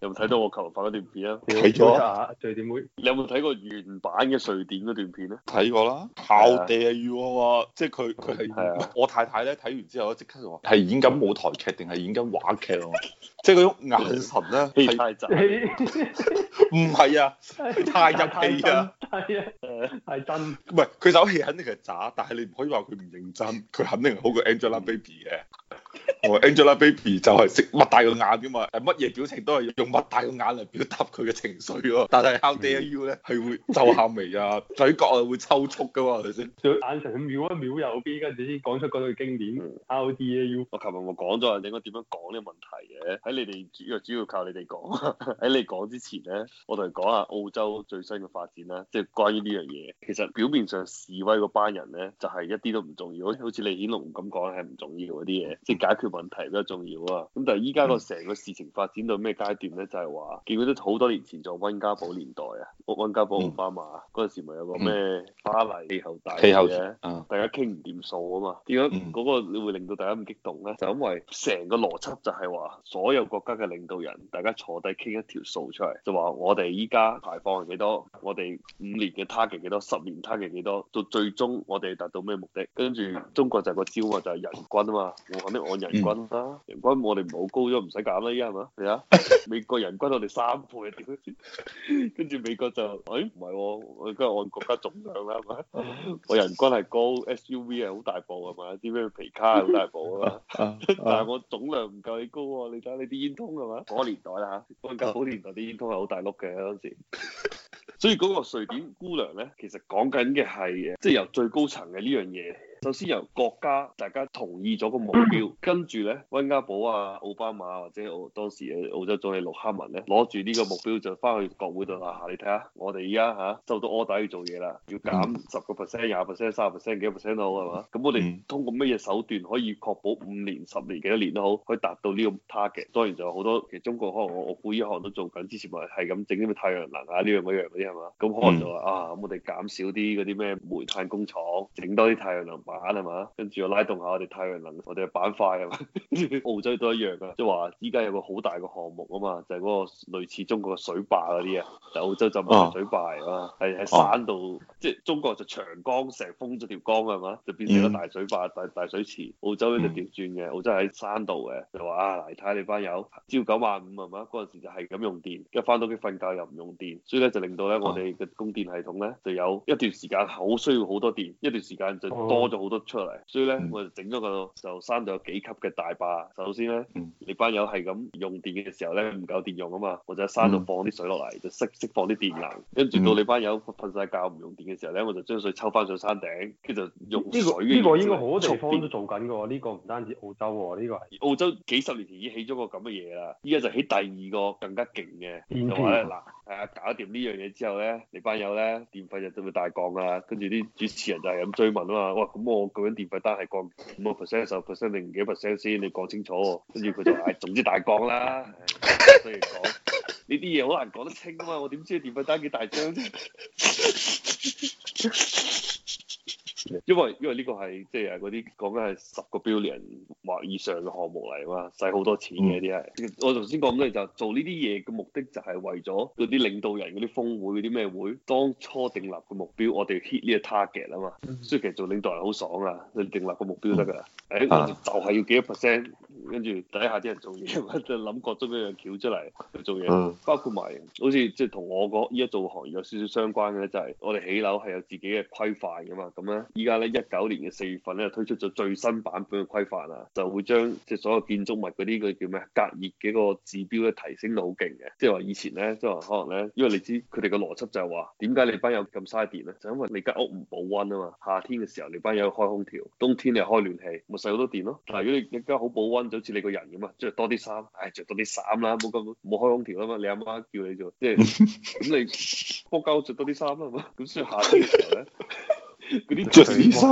有冇睇到我琴日發段片啊？睇咗啊！瑞典妹，你有冇睇過原版嘅瑞典嗰段片咧？睇過啦，跑地啊要啊，即係佢佢係，對啊、我太太咧睇完之後咧即刻就話，係演緊舞台劇定係演緊話劇啊？即係嗰種眼神咧，太渣，唔係啊，太入戲啊，係啊，係真，唔係佢首戲肯定係渣，但係你唔可以話佢唔認真，佢肯定好過 Angelababy 嘅。Oh, Angelababy 就係識擘大個眼㗎嘛，誒，乜嘢表情都係用擘大個眼嚟表達佢嘅情緒咯。但係 How dare you 呢，係會皺下眉㗎，嘴角啊會抽搐㗎嘛，係咪先？眼神佢瞄一秒右邊，跟住先知講出嗰句經典、mm. How dare you。我琴日我講咗係應該點樣講呢個問題嘅，喺你哋主要主要靠你哋講。喺 你講之前咧，我同你講下澳洲最新嘅發展啦，即係關於呢樣嘢。其實表面上示威嗰班人咧，就係一啲都唔重要，好似好似李顯龍咁講係唔重要嗰啲嘢，即係解決。Mm. 問題比較重要啊，咁但係依家個成個事情發展到咩階段咧？就係、是、話，記唔記得好多年前做溫家寶年代溫寶、嗯、啊，溫家寶奧巴馬嗰陣時咪有個咩巴黎氣候大氣候嘅，啊，大家傾唔掂數啊嘛？點解嗰個你會令到大家咁激動咧？就是、因為成個邏輯就係話，所有國家嘅領導人大家坐低傾一條數出嚟，就話我哋依家排放係幾多，我哋五年嘅 target 幾多，十年 target 幾多，到最終我哋達到咩目的？跟住中國就係個招啊，就係人均啊嘛，我肯定按人。人均啦，嗯、人均我哋唔好高咗，唔使減啦依家係嘛？咩啊？美國人均我哋三倍，點解跟住美國就，哎唔係，我而家按國家總量啦係嘛？我人均係高，SUV 係好大部係嘛？啲咩皮卡係好大部啊嘛？ 但係我總量唔夠你高，你睇下你啲煙通係嘛？嗰、那個、年代啦吓，嗰陣舊年代啲煙通係好大碌嘅嗰時。所以嗰個瑞典姑娘咧，其實講緊嘅係，即、就、係、是、由最高層嘅呢樣嘢。首先由國家大家同意咗個目標， 跟住咧，溫家寶啊、奧巴馬或者我當時澳洲總理陸克文咧，攞住呢個目標就翻去國會度啊！你睇下，我哋而家嚇收到 order 要做嘢啦，要減十個 percent、廿 percent、三十 percent 幾 percent 都好係嘛？咁我哋通過乜嘢手段可以確保五年、十年幾多年都好，可以達到呢個 target？當然就有好多其實中國可能我我每一行都做緊，之前咪係咁整啲咩太陽能啊呢樣嗰樣嗰啲係嘛？咁可能就話 啊，咁我哋減少啲嗰啲咩煤炭工廠，整多啲太陽能。板係嘛，跟住又拉動下我哋太陽能，我哋嘅板塊係嘛， 澳洲都一樣噶，即係話依家有個好大嘅項目啊嘛，就係、是、嗰個類似中國嘅水壩嗰啲啊，但、就是、澳洲就唔係水壩嚟嘛，係喺、啊、山度，啊、即係中國就長江成日封咗條江係嘛，就變成咗大水壩、嗯、大大水池，澳洲咧就調轉嘅，嗯、澳洲喺山度嘅，就話啊，嚟睇、嗯、你班友朝九晚五係嘛，嗰陣時就係咁用電，一返到屋企瞓覺又唔用電，所以咧就令到咧我哋嘅供電系統咧就有一段時間好需要好多電，一段時間就多咗、嗯。好多出嚟，所以咧、嗯、我就整咗個就山度有幾級嘅大壩。首先咧，嗯、你班友係咁用電嘅時候咧唔夠電用啊嘛，我就喺山度放啲水落嚟、嗯，就釋釋放啲電能。跟住、嗯、到你班友瞓晒覺唔用電嘅時候咧，我就將水抽翻上山頂，跟住就用呢、這個呢、這個應該好多地方都做緊噶喎。呢、這個唔單止澳洲喎、啊，呢、這個係澳洲幾十年前已經起咗個咁嘅嘢啦。依家就起第二個更加勁嘅，嗯、就話咧嗱，啊、嗯、搞掂呢樣嘢之後咧，你班友咧電費就就會大降啊？跟住啲主持人就係咁追問啊嘛。哇咁。哇我究竟電費單係降五個 percent、十個 percent 定幾多 percent 先？你講清楚喎，跟住佢就話，總之大降啦。 所以講呢啲嘢，好難講得清啊嘛，我點知電費單幾大張？ 因為因為呢個係即係嗰啲講緊係十個 billion 或以上嘅項目嚟啊嘛，使好多錢嘅啲係。嗯、我頭先講咧就是，做呢啲嘢嘅目的就係為咗嗰啲領導人嗰啲峰會嗰啲咩會，當初訂立嘅目標我哋要 hit 呢個 target 啊嘛。嗯、所以其實做領導人好爽啊，你定立個目標得噶㗎。誒、哎，我就係要幾多 percent？跟住底下啲人做嘢， 就諗各種嘅樣橋出嚟去做嘢。 包括埋好似即係同我個依家做行業有少少相關嘅咧，就係我哋起樓係有自己嘅規範噶嘛。咁咧，依家咧一九年嘅四月份咧推出咗最新版本嘅規範啊，就會將即係、就是、所有建築物嗰啲嘅叫咩隔熱嘅個指標咧提升到好勁嘅。即係話以前咧，即係話可能咧，因為你知佢哋嘅邏輯就係話，點解你班友咁嘥電咧？就是、因為你間屋唔保温啊嘛。夏天嘅時候你班友開空調，冬天你又開暖氣，咪使好多電咯。但如果你間屋好保温好似你個人咁啊，著多啲衫，唉、哎，着多啲衫啦，冇咁冇開空調啊嘛，你阿媽叫你做，即係咁 你撲街着多啲衫啦，咁所以夏天嘅時候咧。 嗰啲着短衫，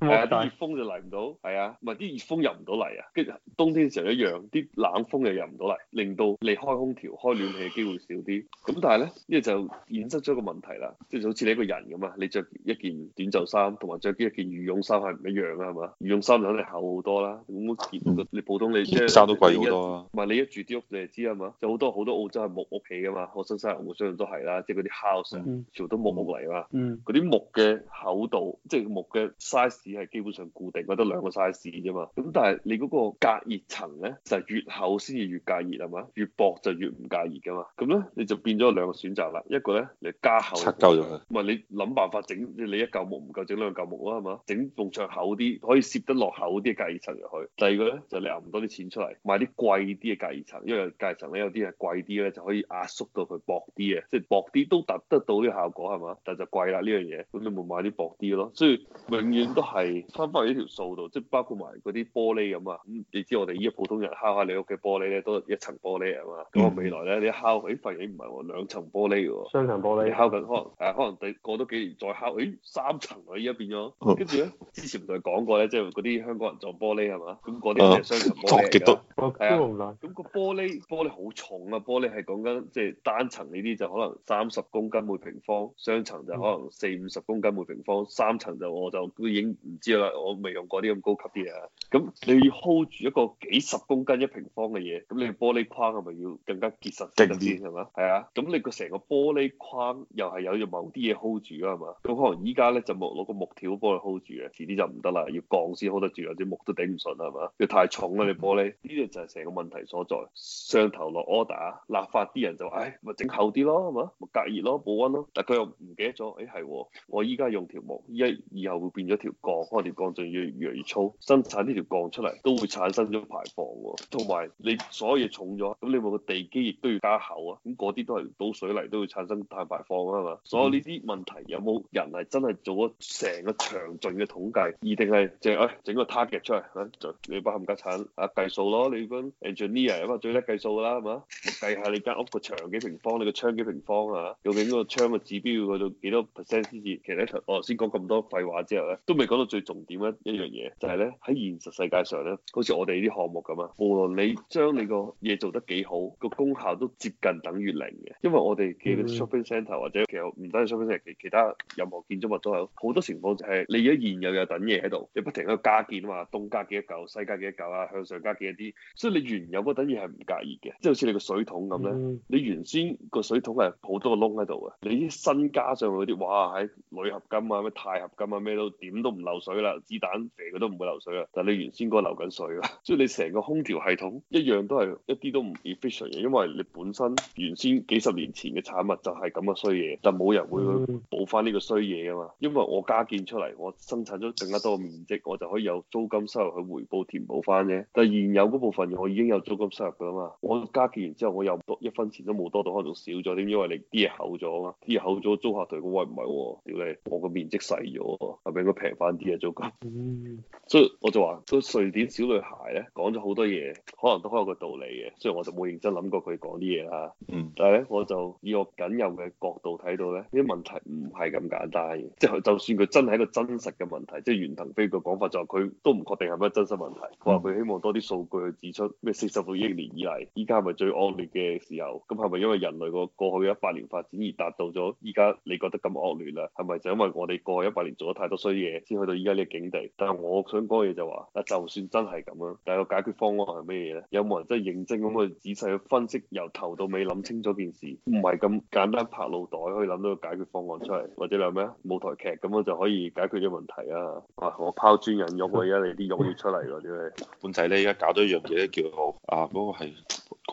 係啊啲熱風就嚟唔到，係啊，唔係啲熱風入唔到嚟啊。跟住冬天嘅時候一樣，啲冷風又入唔到嚟，令到你開空調、開暖氣嘅機會少啲。咁但係咧，呢、這個、就衍生咗個問題啦，即、就、係、是、好似你一個人咁啊，你着一件短袖衫同埋著呢件羽絨衫係唔一樣啊，係嘛？羽絨衫就肯定厚好多啦。咁件你普通你衫都貴好多啊。唔係、嗯、你，你一住啲屋你就知啊嘛？嗯嗯、就好多好多澳洲係木屋企噶嘛，我新新人我相信都係啦，即係嗰啲 house 啊，全部都木木嚟啊嘛。嗰啲木嘅厚度。即係木嘅 size 係基本上固定，得兩個 size 啫嘛。咁但係你嗰個隔熱層咧，就係、是、越厚先至越隔熱啊嘛，越薄就越唔隔熱噶嘛。咁咧你就變咗兩個選擇啦。一個咧你加厚，塞鳩入去。唔係你諗辦法整，你一嚿木唔夠，整兩嚿木啊係嘛？整棟牆厚啲，可以攝得落厚啲嘅隔熱層入去。第二個咧就是、你揞多啲錢出嚟，買啲貴啲嘅隔熱層，因為隔熱層咧有啲係貴啲咧就可以壓縮到佢薄啲嘅，即、就、係、是、薄啲都達得到呢個效果係嘛？但就貴啦呢樣嘢。咁你冇買啲薄。咯，所以永遠都係翻翻去呢條數度，即係包括埋嗰啲玻璃咁啊。咁、嗯、你知我哋依家普通人敲下你屋企玻璃咧，都係一層玻璃啊嘛。咁我、嗯、未來咧，你敲咦發現唔係喎，兩層玻璃喎。雙層玻璃。你敲緊可能誒、啊，可能第過多幾年再敲，咦三層喎，依家變咗。跟住咧，之前同你講過咧，即係嗰啲香港人撞玻璃係嘛？咁嗰啲係雙層玻璃㗎。幾咁、啊啊啊咁個玻璃玻璃好重啊！玻璃係講緊即係單層呢啲就可能三十公斤每平方，雙層就可能四五十公斤每平方。三層就我就都已經唔知啦，我未用過啲咁高級啲啊。咁你要 hold 住一個幾十公斤一平方嘅嘢，咁你玻璃框係咪要更加結實啲先係嘛？係啊，咁你個成個玻璃框又係有用某啲嘢 hold 住㗎係嘛？咁可能依家咧就木攞個木條幫佢 hold 住嘅，遲啲就唔得啦，要鋼先 hold 得住，有啲木都頂唔順係嘛？要太重啦，你玻璃呢啲就係成個問題所在。雙頭落 order，立法啲人就唉，咪、哎、整厚啲咯，係嘛，咪隔熱咯，保溫咯。但佢又唔記得咗，誒、哎、係、哎，我依家用條木。一以後會變咗條鋼，開條鋼仲要越嚟越粗，生產呢條鋼出嚟都會產生咗排放喎，同埋你所有嘢重咗，咁你個地基亦都要加厚啊，咁嗰啲都係倒水泥都會產生碳排放啊嘛，所有呢啲問題有冇人係真係做咗成個詳盡嘅統計，而定係淨誒整個 target 出嚟，就、啊、你包含家產啊計數咯，你分 engineer 咁啊最低計數啦，係嘛？計下你間屋個牆幾平方，你個窗幾平方啊，究竟個窗嘅指標去到幾多 percent 先至？其實咧，我、哦、先講。咁多廢話之後咧，都未講到最重點一一樣嘢，就係咧喺現實世界上咧，好似我哋呢啲項目咁啊。無論你將你個嘢做得幾好，個功效都接近等於零嘅。因為我哋嘅 shopping centre 或者其實唔單止 shopping centre，其其他任何建築物都係好多情況，就係你而家現有又等嘢喺度，你不停喺度加建啊，東加幾多嚿，西加幾多嚿啊，向上加幾一啲，所以你原有嗰等嘢係唔隔熱嘅，即係好似你個水桶咁咧，你原先個水桶係好多個窿喺度啊，你啲新加上去啲，哇喺鋁合金啊鈦合金啊，咩都點都唔漏水啦，子彈肥佢都唔會漏水啦。但係你原先嗰個流緊水㗎，即 係你成個空調系統一樣都係一啲都唔 efficient 嘅，因為你本身原先幾十年前嘅產物就係咁嘅衰嘢，但冇人會去補翻呢個衰嘢啊嘛。因為我加建出嚟，我生產咗更加多嘅面積，我就可以有租金收入去回報填補翻啫。但係現有嗰部分我已經有租金收入㗎嘛，我加建完之後我又多一分錢都冇多到，可能仲少咗添，因為你啲嘢厚咗啊嘛，啲嘢厚咗租客同你講：喂，唔係喎，屌你，我個面積。細咗，係咪應該平翻啲啊，租金。所以我就話個瑞典小女孩咧，講咗好多嘢，可能都好有個道理嘅。雖然我就冇認真諗過佢講啲嘢啦，嗯，但係咧我就以我僅有嘅角度睇到咧，呢啲問題唔係咁簡單嘅。即係就算佢真係一個真實嘅問題，即係袁騰飛個講法就話佢都唔確定係咩真實問題。佢話佢希望多啲數據去指出咩四十幾億年以嚟，依家係咪最惡劣嘅時候？咁係咪因為人類個過去一百年發展而達到咗依家你覺得咁惡劣啊？係咪就因為我哋我一八年做咗太多衰嘢，先去到依家呢個境地。但係我想講嘅嘢就話：嗱，就算真係咁啦，但係個解決方案係咩嘢咧？有冇人真係認真咁去仔細去分析，由頭到尾諗清楚件事，唔係咁簡單拍腦袋可以諗到個解決方案出嚟，或者係咩舞台劇咁樣就可以解決咗問題啊？哇！我拋磚引玉啊，而家你啲玉要出嚟㗎啲咩？本仔咧，而家搞多一樣嘢咧，叫啊嗰個係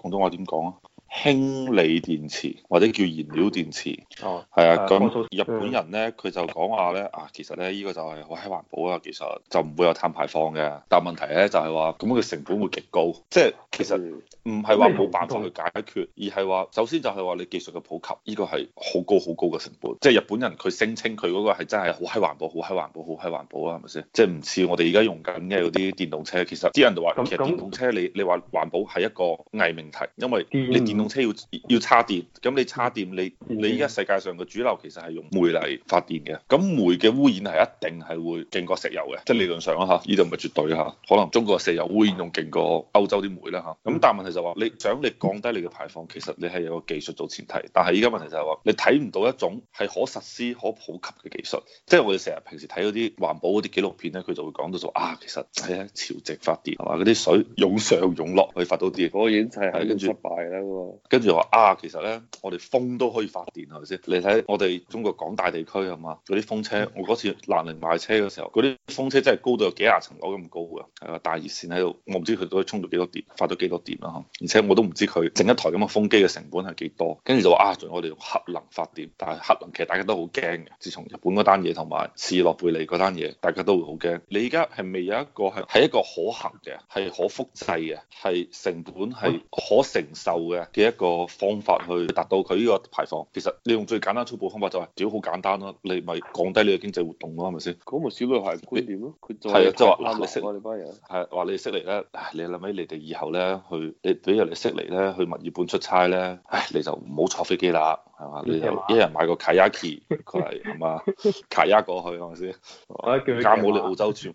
廣東話點講啊？輕理電池或者叫燃料電池，哦，係啊，咁日本人咧佢就講話咧啊，其實咧呢、呢個就係好閪環保啊，其實就唔會有碳排放嘅。但問題咧就係話咁嘅成本會極高，即係其實唔係話冇辦法去解決，嗯、而係話首先就係話你技術嘅普及，呢、呢個係好高好高嘅成本。即係日本人佢聲稱佢嗰個係真係好閪環保，好閪環保，好閪環保啊，係咪先？即係唔似我哋而家用緊嘅嗰啲電動車，其實啲人就話、嗯、其實電動車你你話環保係一個偽命題，因為你電。用車要要插電，咁你插電，你你依家世界上嘅主流其實係用煤嚟發電嘅，咁煤嘅污染係一定係會勁過石油嘅，即係理論上啊嚇，依度唔係絕對嚇，可能中國石油污染仲勁過歐洲啲煤啦嚇。咁但係問題就話你想你降低你嘅排放，其實你係有個技術做前提，但係依家問題就係話你睇唔到一種係可實施、可普及嘅技術，即係我哋成日平時睇嗰啲環保嗰啲紀錄片咧，佢就會講到就啊，其實係啊潮汐發電係嘛，嗰啲水湧上湧落可以發到電，嗰個演製係失敗啦跟住話啊，其實呢，我哋風都可以發電係咪先？你睇我哋中國廣大地區係嘛，嗰啲風車，我嗰次南寧買車嘅時候，嗰啲風車真係高到有幾廿層樓咁高嘅，係啊，大熱線喺度，我唔知佢可以充到幾多電，發到幾多電啦。而且我都唔知佢整一台咁嘅風機嘅成本係幾多，跟住就話啊，我哋用核能發電，但係核能其實大家都好驚嘅。自從日本嗰單嘢同埋士諾貝利嗰單嘢，大家都會好驚。你而家係未有一個係係一個可行嘅，係可複製嘅，係成本係可承受嘅。的一個方法去達到佢呢個排放，其實你用最簡單粗暴方法就係、是，屌，好簡單咯，你咪降低你嘅經濟活動咯，係咪先？咁咪小女孩，觀點咯、啊？佢就係即係話啱你識我哋班人，係話你識嚟咧，你諗起你哋以後咧去，你比如你識嚟咧去墨爾本出差咧，唉，你就唔好坐飛機啦。係嘛？你就一人買個卡雅奇過嚟，係嘛？卡雅過去係咪先？加冇你澳洲住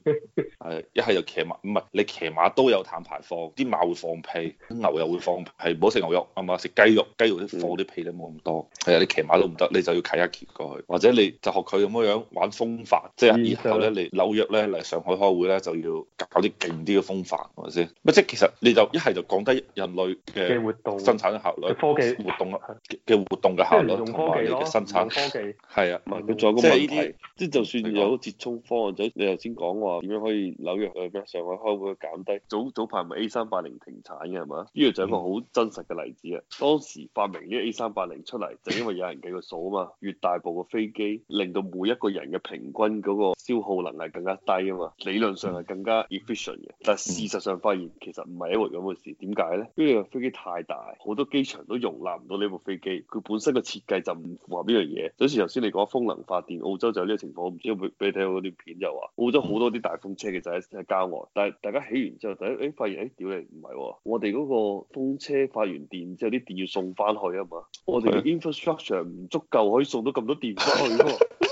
係一係就騎馬，唔係你騎馬都有碳排放，啲馬會放屁，牛又會放屁，唔好食牛肉係嘛？食雞肉，雞肉啲放啲屁都冇咁多係啊！你騎馬都唔得，你就要卡雅奇過去，或者你就學佢咁樣玩風帆，即係然後咧你紐約咧嚟上海開會咧就要搞啲勁啲嘅風帆係咪先？唔即係其實你就一係就降低人類嘅活動生產效率嘅科技活動嘅活動嘅用科技咯、啊，生產用科技係 啊，唔係佢仲有個問題，即係呢啲，即係就，就，就算有折衷方案，者、嗯、你頭先講話點樣可以紐約去咩上海開會減低，早早排咪 A 三八零停產嘅係嘛？呢個就係一個好真實嘅例子啊！當時發明呢個 A 三八零出嚟，就因為有人計個數啊嘛，越大部嘅飛機，令到每一個人嘅平均嗰個消耗能力更加低啊嘛，理論上係更加 efficient 嘅，但係事實上發現其實唔係一回咁嘅事，點解咧？因為個飛機太大，好多機場都容納唔到呢部飛機，佢本身嘅。設計就唔符合呢樣嘢，就好似頭先你講風能發電，澳洲就有呢啲情況，我唔知會俾你睇到嗰段片就話澳洲好多啲大風車嘅就喺喺郊外，但係大家起完之後大家誒發現誒，屌你唔係喎，我哋嗰個風車發完電之後啲電要送翻去啊嘛，我哋嘅 infrastructure 唔足夠可以送到咁多電翻去。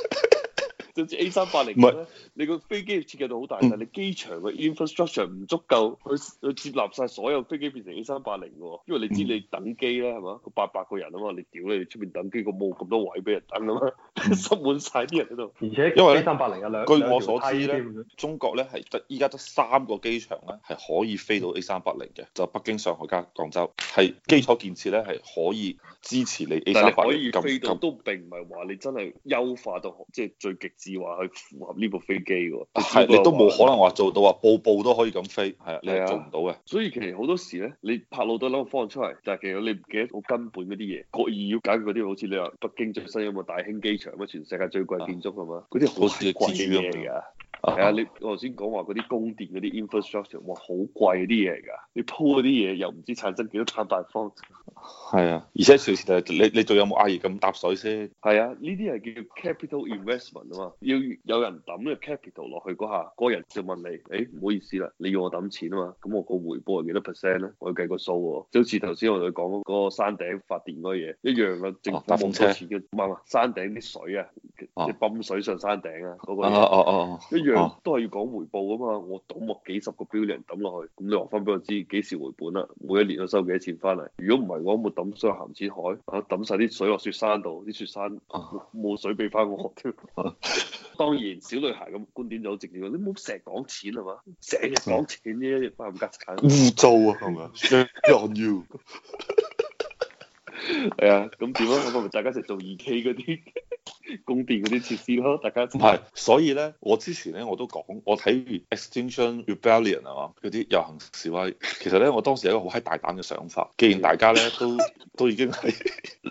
甚至 A 三八零咧，你個飛機設計到好大，但係你機場嘅 infrastructure 唔足夠，佢佢接納晒所有飛機變成 A 三八零，因為你知你等機啦係嘛，個八百個人啊嘛，你屌你出邊等機，個冇咁多位俾人等啊嘛，塞滿晒啲人喺度。而且因為 A 三八零啊兩，據我所知咧，中國咧係得依家得三個機場咧係可以飛到 A 三八零嘅，就北京、上海加廣州，係基礎建設咧係可以支持你 A 三八零。但係你可以飛到都並唔係話你真係優化到即係最極。是話去符合呢部飛機喎，係你的都冇可能話做到啊，的步步都可以咁飛，係你係做唔到嘅。所以其實好多時咧，你拍腦袋諗個方案出嚟，但係其實你唔記得好根本嗰啲嘢，刻意要搞嗰啲好似你話北京最新有冇大興機場啊，全世界最貴建築係嘛，嗰啲好似貴嘅。係啊，yeah, uh huh. 你我頭先講話嗰啲供電嗰啲 infrastructure，哇，好貴啲嘢噶，你鋪嗰啲嘢又唔知產生幾多碳排放，係啊，而且同時你你仲有冇阿爺咁搭水先？係啊，呢啲係叫 capital investment 啊嘛，要有人抌啲 capital 落去嗰下，個人就問你，誒、欸、唔好意思啦，你要我抌錢啊嘛，咁我個回報係幾多 percent 咧？我要計個數喎，啊，即好似頭先我哋講嗰個山頂發電嗰嘢一樣啦，啊，政府冇咁多錢嘅，唔係山頂啲水啊，即係、uh huh. 泵水上山頂啊，嗰、那個，哦哦哦，一樣。啊、都係要講回報噶嘛，我抌落幾十個 billion 抌落去，咁你話翻俾我知幾時回本啦？每一年都收幾多錢翻嚟？如果唔係我冇抌上咸錢海，啊抌晒啲水落雪山度，啲雪山冇水俾翻我添。 當然，小女孩咁觀點就好直接，你唔好成日講錢係嘛，成日講錢啫，犯唔得錯。污糟啊，係咪啊？On you。 係啊，咁點樣？我哋大家一齊做二 K 嗰啲。 供電嗰啲設施咯，大家唔係，所以咧，我之前咧我都講，我睇完 Extinction Rebellion 啊嘛，嗰啲遊行示威，其實咧，我當時有一個好閪大膽嘅想法，既然大家咧都都已經係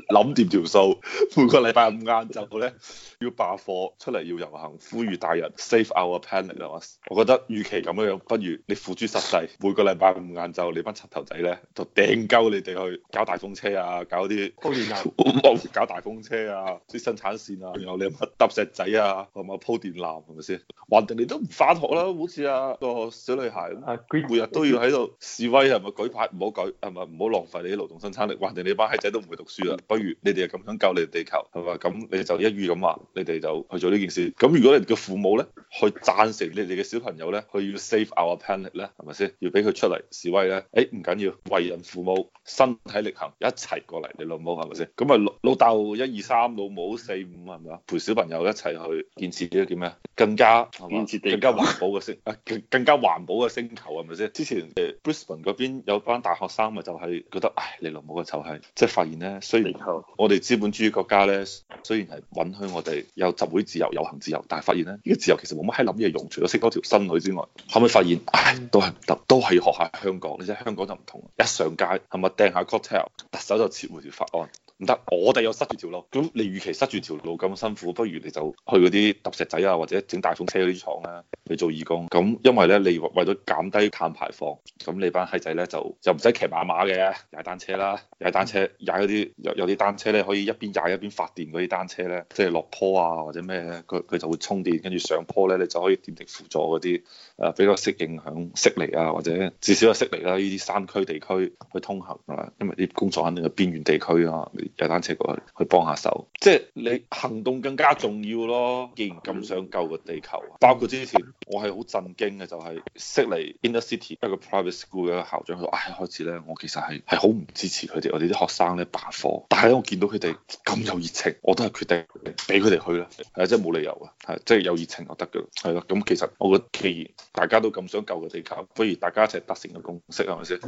諗掂條數，每個禮拜五晏晝咧要罷課出嚟要遊行呼籲大人 Save Our Planet 啊，我覺得與其咁樣樣，不如你付諸實際，每個禮拜五晏晝你班七頭仔咧就掟鳩你哋去搞大風車啊，搞啲供電啊，冇 搞大風車啊，啲生產線啊。仲有你有乜揼石仔啊，同埋鋪電纜，係咪先？橫掂你都唔返學啦，好似啊、個小女孩每日都要喺度示威，係咪？舉牌唔好舉，係咪？唔好浪費你啲勞動生產力。橫掂你班閪仔都唔會讀書啦，不如你哋又咁樣救你哋地球，係咪？咁你就一於咁話，你哋就去做呢件事。咁如果你嘅父母咧，去贊成你哋嘅小朋友咧，去要 save our planet 咧，係咪先？要俾佢出嚟示威咧。誒唔緊要，為人父母身體力行，一齊過嚟你老母係咪先？咁啊老老豆一二三，老母四五啊。陪小朋友一齊去建設啲叫咩更加建設地更加環保嘅星 啊更，更加環保嘅星球係咪先？之前 b r 誒 Brisbane 嗰邊有班大學生咪就係覺得唉、哎，你老母嘅臭氣，即係發現咧，雖然我哋資本主義國家咧，雖然係允許我哋有集會自由、遊行自由，但係發現咧，呢、這、啲、個、自由其實冇乜喺諗嘢用，除咗識多條新女之外，可唔可以發現唉、哎？都係唔得，都係要學下香港，你知香港就唔同，一上街係咪掟下 cocktail，特首就撤回條法案，唔得，我哋又塞住條路，咁你預期塞住條路？咁辛苦，不如你就去嗰啲揼石仔啊，或者整大風車嗰啲廠咧、啊，去做義工。咁因為咧，你為咗減低碳排放，咁你班閪仔咧就就唔使騎馬馬嘅，踩單車啦，踩單車，踩嗰啲有有啲單車咧可以一邊踩一邊發電嗰啲單車咧，即係落坡啊或者咩咧，佢佢就會充電，跟住上坡咧你就可以電力輔助嗰啲，誒比較適應響悉尼啊，或者至少係悉尼啦，呢啲山區地區去通行啊，因為啲工作肯定係邊遠地區啊，你踩單車過去去幫下手，即係你行動更加重要咯！既然咁想救個地球，包括之前我係好震驚嘅、就是，就係悉尼 Inner City 一個 Private School 嘅校長，佢話：，唉、哎，開始咧，我其實係係好唔支持佢哋，我哋啲學生咧罷課。但係咧，我見到佢哋咁有熱情，我都係決定俾佢哋去啦，係即係冇理由啊，係即係有熱情就得嘅，係咯。咁其實我覺得，既然大家都咁想救個地球，不如大家一齊達成個共識，係咪先？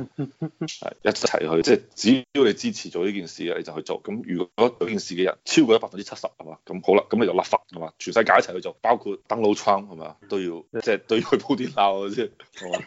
係一齊去，即、就、係、是、只要你支持做呢件事嘅，你就去做。咁如果做件事嘅人超過咗百分之七十，係嘛？咁好啦，咁你就立法係嘛？全世界一齊去做，包括 Donald Trump 係嘛都要，即係都要去鋪啲鬧先係嘛？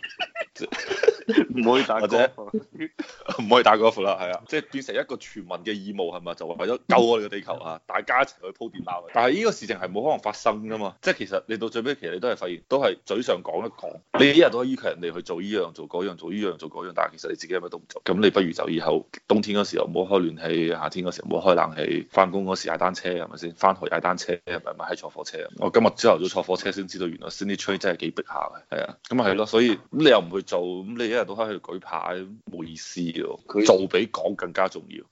即 唔可以打，或者唔 可以打嗰副啦，係啊，即係 變成一個全民嘅義務係咪？就為咗救我哋個地球啊，大家一齊去鋪電貓。 但係呢個事情係冇可能發生噶嘛，即、就、係、是、其實你到最尾，其實你都係發現都係嘴上講一講，你一日都可以要求人哋去做呢樣做嗰樣做呢樣做嗰樣，樣，樣，樣，樣，但係其實你自己乜都唔做，咁你不如就以後冬天嗰時候唔好開暖氣，夏天嗰時候唔好開冷氣，翻工嗰時踩單車係咪先？翻學踩單車，係咪？係坐火車。我今日朝頭早坐火車先知道，原來 Central 真係幾逼下嘅。係啊，咁啊係咯，所以你又唔去做，咁你日日都喺度舉牌，冇意思咯。他做比講更加重要。